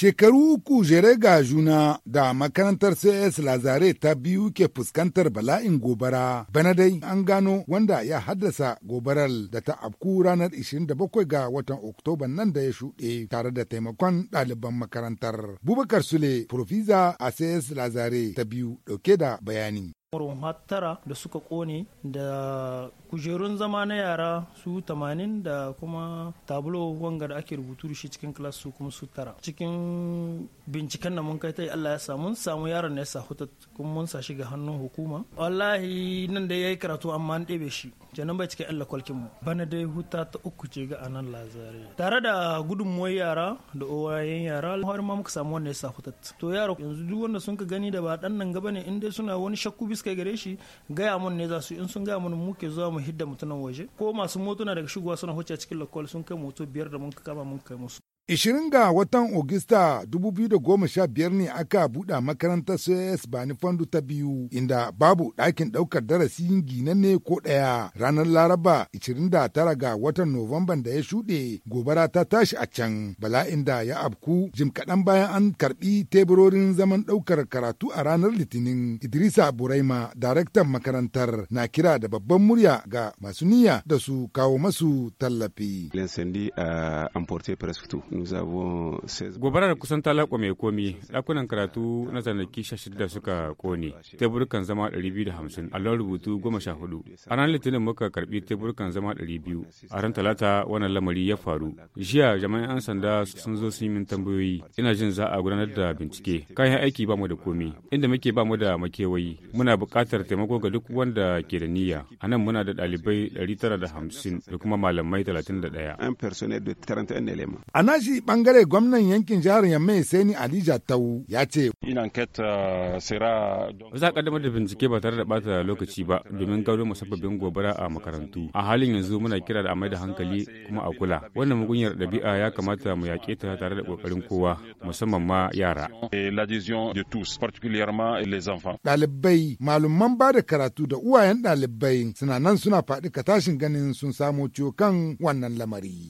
Shekaru uku jere ga juna da makarantar CS Lazare ta biyu ke fuskantar bala'in gobara. Bana dai an gano wanda ya haddasa gobarar da ta afku ranar 27 ga watan Oktoba nan da ya shuɗe tare da taimakon ɗaliban makarantar. Bubakar Sule, Profiza a CS Lazare ta biyu ɗauke da bayani. murhun tara da suka kone da kujerun zama na yara su 80 da kuma tablo wanga da ake rubutu shi cikin kilas su kuma su tara cikin binciken da mun kai ta Allah ya samu samu yaron ne sa hutu kuma mun sa shi ga hannun hukuma wallahi nan da yayi karatu amma an ɗebe shi Janan bai cika Allah kwalkin mu bana dai huta ta uku ce ga anan lazare tare da gudunmuwar yara da owayen yara har ma muka samu wanda ya sa hutu. to yaro yanzu duk wanda sun ka gani da ba ɗan nan gaba ne in dai suna wani shakku suka yi gare shi gaya mun ne za su in sun gaya mun muke zuwa mu hidda mutunan waje ko masu motuna daga shigowa suna huce cikin lokal sun kai moto biyar da mun kama mun kai musu 20 ga watan Ogista 2015 ne aka buɗa makarantar CS Bani Fandu ta biyu inda babu ɗakin ɗaukar darasin ginanne ko ɗaya ranar Laraba 29 ga watan Nuwamban da ya shuɗe gobara ta tashi a can bala inda ya abku jim kaɗan bayan an karɓi teburorin zaman ɗaukar karatu a ranar Litinin Idrisa Buraima daraktan makarantar na kira da babban murya ga masu niyya da su kawo masu tallafi. Gobarar kusan ta mai komi, ɗakunan karatu na zanaki shida suka kone, teburkan zama 250, allon rubutu 14. A ranar Litinin muka karɓi teburkan zama 200, a ran Talata wannan lamari ya faru. Jiya jama'in 'yan sanda sun zo sun yi min tambayoyi, ina jin za a gudanar da bincike. Kayan aiki ba mu da komi, inda muke ba mu da makewayi, muna buƙatar taimako ga duk wanda ke da niyya. anan nan muna da ɗalibai 950 da kuma malamai 31. A naji bangare gwamnan yankin jihar Yammai ni Ali tawu ya ce. Euh, Za kaddamar da bincike ba tare da bata lokaci ba domin gano musabbabin gobara a makarantu. A halin yanzu muna kira da amai da hankali kuma a kula. Wannan mugunyar ɗabi'a ya kamata mu yaƙe ta tare da ƙoƙarin kowa musamman ma yara. Ɗalibai malumman ba da karatu da uwayen ɗalibai suna nan suna faɗi ka tashin ganin sun samo ciwo kan wannan lamari.